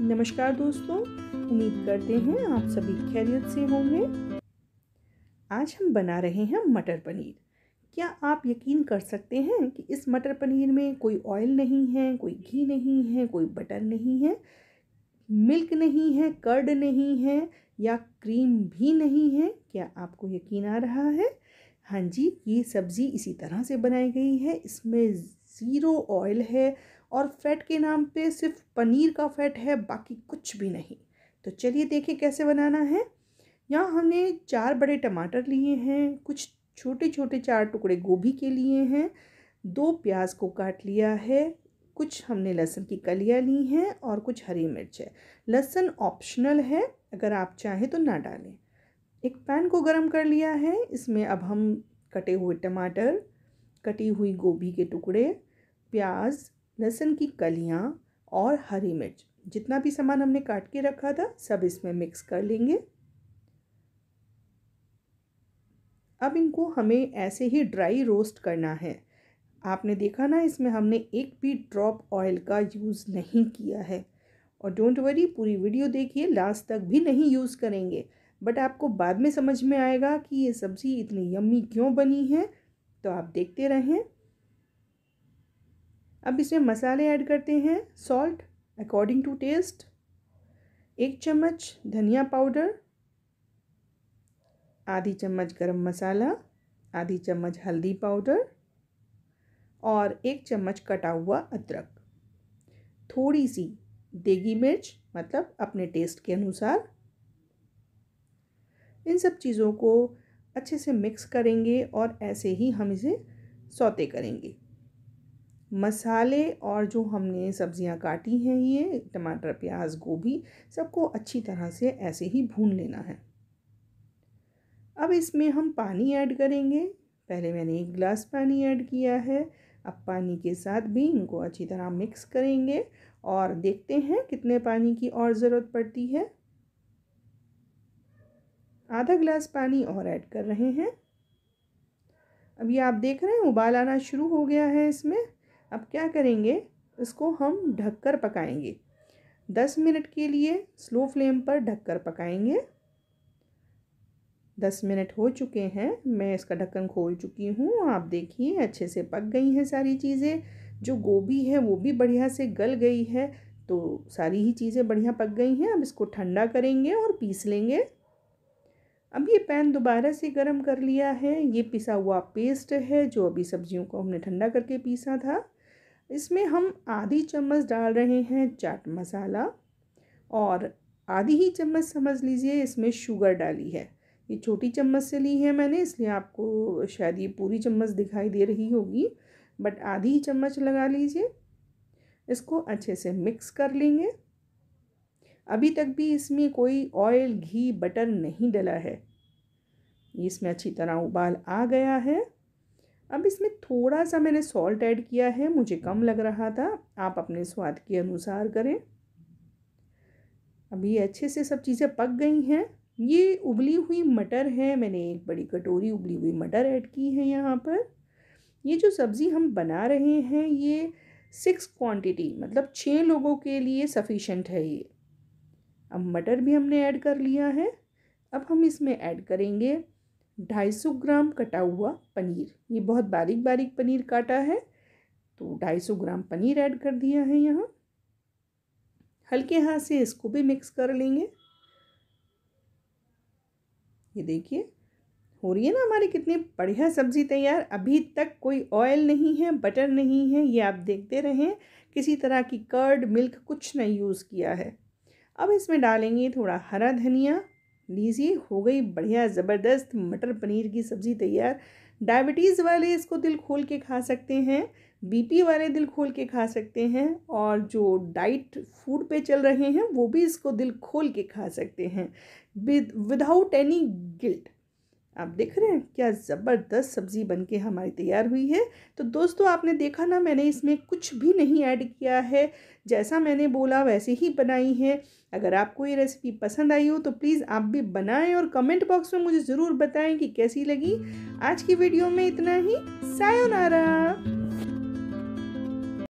नमस्कार दोस्तों उम्मीद करते हैं आप सभी खैरियत से होंगे आज हम बना रहे हैं मटर पनीर क्या आप यकीन कर सकते हैं कि इस मटर पनीर में कोई ऑयल नहीं है कोई घी नहीं है कोई बटर नहीं है मिल्क नहीं है कर्ड नहीं है या क्रीम भी नहीं है क्या आपको यकीन आ रहा है हाँ जी ये सब्ज़ी इसी तरह से बनाई गई है इसमें ज़ीरो ऑयल है और फैट के नाम पे सिर्फ पनीर का फैट है बाकी कुछ भी नहीं तो चलिए देखें कैसे बनाना है यहाँ हमने चार बड़े टमाटर लिए हैं कुछ छोटे छोटे चार टुकड़े गोभी के लिए हैं दो प्याज को काट लिया है कुछ हमने लहसुन की कलियाँ ली हैं और कुछ हरी मिर्च है लहसुन ऑप्शनल है अगर आप चाहें तो ना डालें एक पैन को गरम कर लिया है इसमें अब हम कटे हुए टमाटर कटी हुई गोभी के टुकड़े प्याज लहसुन की कलियाँ और हरी मिर्च जितना भी सामान हमने काट के रखा था सब इसमें मिक्स कर लेंगे अब इनको हमें ऐसे ही ड्राई रोस्ट करना है आपने देखा ना इसमें हमने एक भी ड्रॉप ऑयल का यूज़ नहीं किया है और डोंट वरी पूरी वीडियो देखिए लास्ट तक भी नहीं यूज़ करेंगे बट आपको बाद में समझ में आएगा कि ये सब्ज़ी इतनी यम्मी क्यों बनी है तो आप देखते रहें अब इसमें मसाले ऐड करते हैं सॉल्ट अकॉर्डिंग टू टेस्ट एक चम्मच धनिया पाउडर आधी चम्मच गरम मसाला आधी चम्मच हल्दी पाउडर और एक चम्मच कटा हुआ अदरक थोड़ी सी देगी मिर्च मतलब अपने टेस्ट के अनुसार इन सब चीज़ों को अच्छे से मिक्स करेंगे और ऐसे ही हम इसे सौते करेंगे मसाले और जो हमने सब्जियां काटी हैं ये टमाटर प्याज गोभी सबको अच्छी तरह से ऐसे ही भून लेना है अब इसमें हम पानी ऐड करेंगे पहले मैंने एक गिलास पानी ऐड किया है अब पानी के साथ भी इनको अच्छी तरह मिक्स करेंगे और देखते हैं कितने पानी की और ज़रूरत पड़ती है आधा गिलास पानी और ऐड कर रहे हैं अब ये आप देख रहे हैं उबाल आना शुरू हो गया है इसमें अब क्या करेंगे इसको हम ढककर पकाएंगे दस मिनट के लिए स्लो फ्लेम पर ढककर पकाएंगे दस मिनट हो चुके हैं मैं इसका ढक्कन खोल चुकी हूँ आप देखिए अच्छे से पक गई हैं सारी चीज़ें जो गोभी है वो भी बढ़िया से गल गई है तो सारी ही चीज़ें बढ़िया पक गई हैं अब इसको ठंडा करेंगे और पीस लेंगे अब ये पैन दोबारा से गर्म कर लिया है ये पिसा हुआ पेस्ट है जो अभी सब्जियों को हमने ठंडा करके पीसा था इसमें हम आधी चम्मच डाल रहे हैं चाट मसाला और आधी ही चम्मच समझ लीजिए इसमें शुगर डाली है ये छोटी चम्मच से ली है मैंने इसलिए आपको शायद ये पूरी चम्मच दिखाई दे रही होगी बट आधी ही चम्मच लगा लीजिए इसको अच्छे से मिक्स कर लेंगे अभी तक भी इसमें कोई ऑयल घी बटर नहीं डला है इसमें अच्छी तरह उबाल आ गया है अब इसमें थोड़ा सा मैंने सॉल्ट ऐड किया है मुझे कम लग रहा था आप अपने स्वाद के अनुसार करें अभी अच्छे से सब चीज़ें पक गई हैं ये उबली हुई मटर है मैंने एक बड़ी कटोरी उबली हुई मटर ऐड की है यहाँ पर ये जो सब्ज़ी हम बना रहे हैं ये सिक्स क्वांटिटी मतलब छः लोगों के लिए सफिशेंट है ये अब मटर भी हमने ऐड कर लिया है अब हम इसमें ऐड करेंगे ढाई सौ ग्राम कटा हुआ पनीर ये बहुत बारीक बारीक पनीर काटा है तो ढाई सौ ग्राम पनीर ऐड कर दिया है यहाँ हल्के हाथ से इसको भी मिक्स कर लेंगे ये देखिए हो रही है ना हमारी कितनी बढ़िया सब्ज़ी तैयार अभी तक कोई ऑयल नहीं है बटर नहीं है ये आप देखते रहें किसी तरह की कर्ड मिल्क कुछ नहीं यूज़ किया है अब इसमें डालेंगे थोड़ा हरा धनिया लीजिए हो गई बढ़िया ज़बरदस्त मटर पनीर की सब्ज़ी तैयार डायबिटीज़ वाले इसको दिल खोल के खा सकते हैं बीपी वाले दिल खोल के खा सकते हैं और जो डाइट फूड पे चल रहे हैं वो भी इसको दिल खोल के खा सकते हैं विद विदाउट एनी गिल्ट आप देख रहे हैं क्या ज़बरदस्त सब्ज़ी बनके हमारी तैयार हुई है तो दोस्तों आपने देखा ना मैंने इसमें कुछ भी नहीं ऐड किया है जैसा मैंने बोला वैसे ही बनाई है अगर आपको ये रेसिपी पसंद आई हो तो प्लीज़ आप भी बनाएं और कमेंट बॉक्स में मुझे ज़रूर बताएं कि कैसी लगी आज की वीडियो में इतना ही सायोनारा